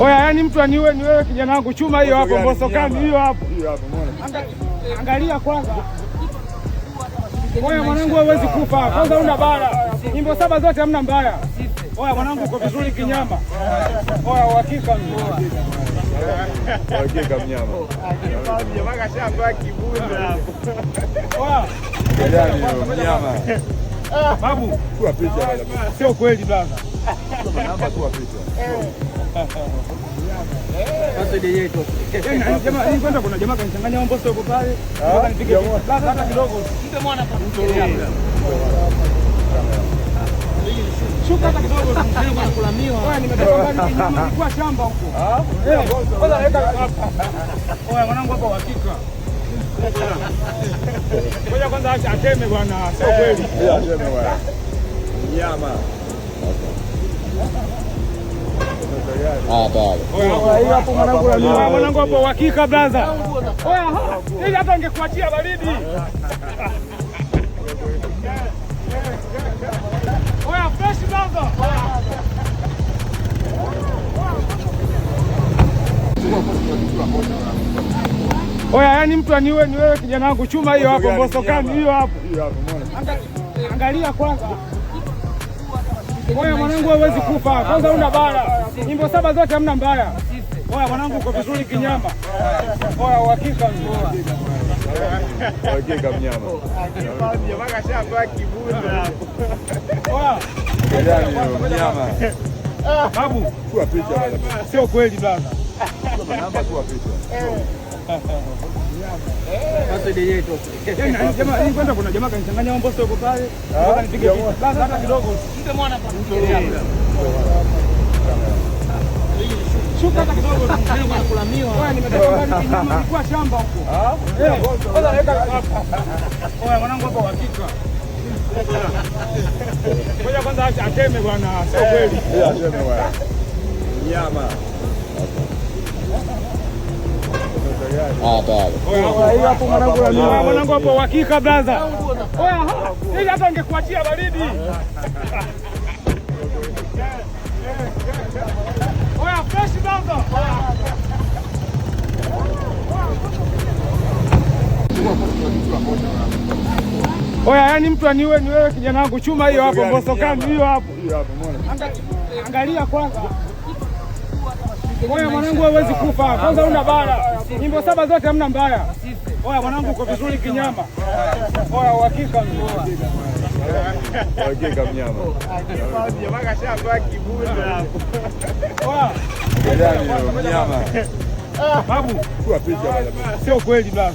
Oya, yani mtu aniwe ni wewe kijana wangu, chuma hiyo hapo, mbosokani hiyo hapo, angalia kwanza. Oya mwanangu, hauwezi kufa kwanza, una bara nyimbo saba zote hamna mbaya. Oya mwanangu, uko vizuri kinyama. Oya uhakika Wajega mnyama. Mnyama. Babu, kwa picha sio kweli blaza. Namba ah, kwa picha. Ah, mwanangu hapa uhakika. Ngoja kwanza acha ateme bwana, sio kweli. Eh, eh, ateme bwana. Nyama. Ah, mwanangu hapo uhakika brother. Ili hata ungekuachia baridi. Oya fresh brother. Oya, yani mtu aniwe ni wewe kijana wangu, chuma hiyo hapo, mboso kani hiyo hapo, angalia kwanza. Oya mwanangu, hawezi kufa kwanza, una bara nyimbo saba zote hamna mbaya. Oya mwanangu, uko vizuri kinyama. Oya uhakika uhakika mnyama babu, sio kweli picha. Kwanza shamba huko. Mwanangu hapa hakika. kwanza acha bwana, sio kweli. Nyama. Mwanangu hapo uhakika blaza, ili hata angekuachia baridi. Oya fresh blaza. Oya, yani mtu aniwe ni wewe kijana wangu, chuma hiyo hapo, mbosokani hiyo hapo, angalia kwanza. Oya mwanangu, hawezi kufa kwanza, una bara nyimbo saba zote hamna mbaya. Oya mwanangu, uko vizuri kinyama. Oya uhakika uhakika mnyama babu, sio kweli bana.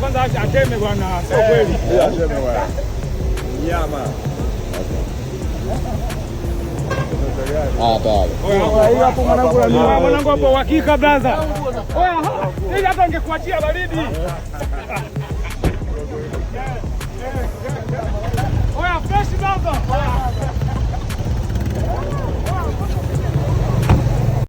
Basi ateme bwana, sio eh, kweli. Eh, ateme bwana. Nyama. Mwanangu hapo uhakika blaza, hata angekuachia baridi